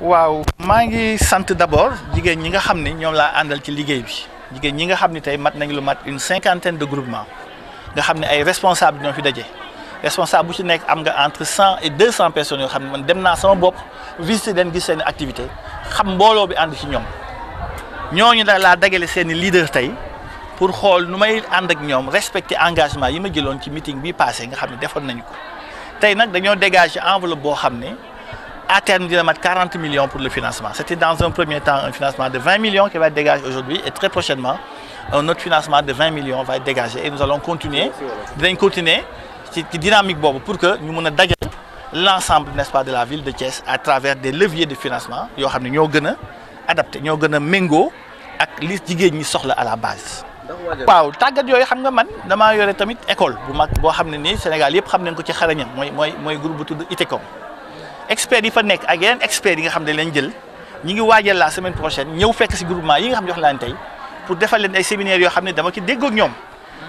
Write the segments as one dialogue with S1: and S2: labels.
S1: waaw maa ngi sant d'abord jigéen ñi nga xam ne ñoom laa àndal ci liggéey bi jigéen ñi nga xam ni tey mat nañ lu mat une cinquantaine de groupement nga xam ne ay responsable ñoo fi daje responsable bu ci nekk am nga entre cent et deux cent personnes yoo xam ne man dem naa sama bopp visiter leen gis seen activité xam mbooloo bi ànd ci ñoom ñooñu nag laa dagale seen i leader tey pour xool nu may ànd ak ñoom respecter engagement yi ma jëloon ci meeting bi passé nga xam ne defoon nañu ko tey nag dañoo dégager enveloppe boo xam ne à terme dina mat millions pour le financement c'était dans un premier temps un financement de 20 millions qui va être dégagé aujourd'hui et très prochainement un autre financement de millions va être dégagé et nous allons continuer dinañ boobu pour que ñu mën a dajal l'ensemble n'est-ce pas de la ville de Thiès à travers des leviers de financement yoo xam ne ñoo gën a adapté ñoo gën a méngoo ak li jigéen ñi soxla à la base waaw tàggat yooyu xam nga man damaa yore tamit école bu mag boo xam ne nii Sénégal yëpp xam nañ ko ci xarañam mooy mooy mooy groupe bu tudd experts yi fa nekk ak yeneen experts yi nga xam ne leen jël ñi ngi waajal la semaine prochaine ñëw fekk si groupement yi nga xam ne wax laan tey pour defal leen ay séminaires yoo xam ne dama ci déggoo ak ñoom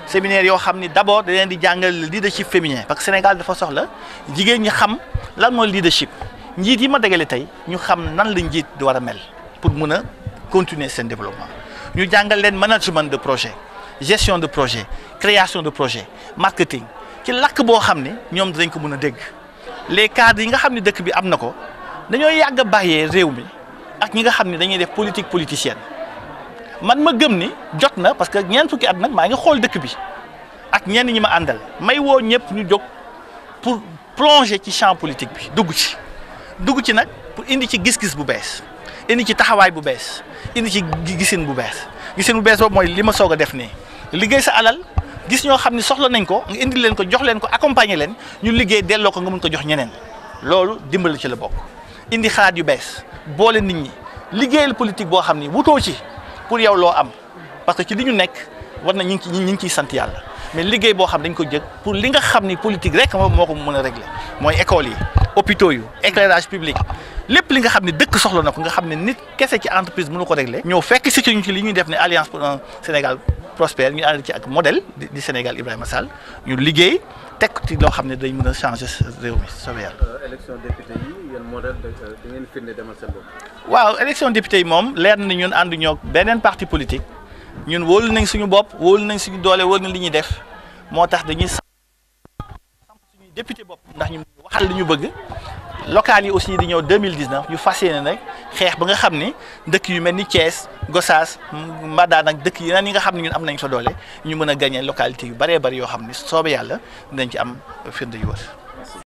S1: séminaire yoo xam ni d'abord da leen di jàngal leadership féminin parce que Sénégal dafa soxla jigéen ñi xam lan mooy leadership njiit yi ma dagale tey ñu xam nan la njiit di war a mel pour mun a continuer seen développement ñu jàngal leen management de projet gestion de projet création de projet marketing ci làkk boo xam ne ñoom dinañ ko mën a dégg les cadres yi nga xam ne dëkk bi am na ko dañoo yàgg a réew mi ak ñi nga xam ne dañuy def politique politicienne man ma gëm ni jot na parce que ñeent fukki at nag maa ngi xool dëkk bi ak ñenn ñi ma àndal may woo ñëpp ñu jóg pour plonger ci champ politique bi dugg ci dugg ci nag pour indi ci gis-gis bu bees indi ci taxawaay bu bees indi ci gisin bu bees gisin bu bees boobu mooy li ma soog a def nii liggéey sa alal. gis ñoo xam ne soxla nañ ko nga indi leen ko jox leen ko accompagner leen ñu liggéey delloo ko nga mun ko jox ñeneen loolu dimbali ci la bokk indi xalaat yu bees boole nit ñi liggéeyal politique boo xam ni wutoo ci pour yow loo am parce que ci li ñu nekk war na ñu ngi ñu ngi ciy sant yàlla mais liggéey boo xam dañ ko jëg pour li nga xam ni politique rek moom moo ko mën a régler mooy école yi hôpitaux yu éclairage public lépp li nga xam ne dëkk soxla na ko nga xam ne nit kese ci entreprise mënu ko régler ñëw fekk si ci ñu ci li ñuy def ne alliance pour un Sénégal prospère ñu ànd ci ak modèle di Sénégal Ibrahima Sall ñu liggéey teg ci loo xam ne dañ mën a changer réew mi soobee yàlla. Euh, élection député yi yéen modèle da euh, ngeen firnde demal seen bopp. waaw élection député yi moom leer na ñun ànduñoo beneen parti politique ñun wóolu nañ suñu bopp wóolu nañ suñu doole wóolu nañ li ñuy def moo tax dañuy samp suñuy député bopp ndax ñu waxal li bëgg locales yi aussi di ñëw mille 2019 ñu fas yéene nag xeex ba nga xam ni dëkk yu mel ni cees Gossas Mbadane ak dëkk yeneen yi nga xam ne ñun am nañ fa doole ñu mën a gagné localité yu bëree bëri yoo xam ni soobe yàlla dinañ ci am firnde yu wër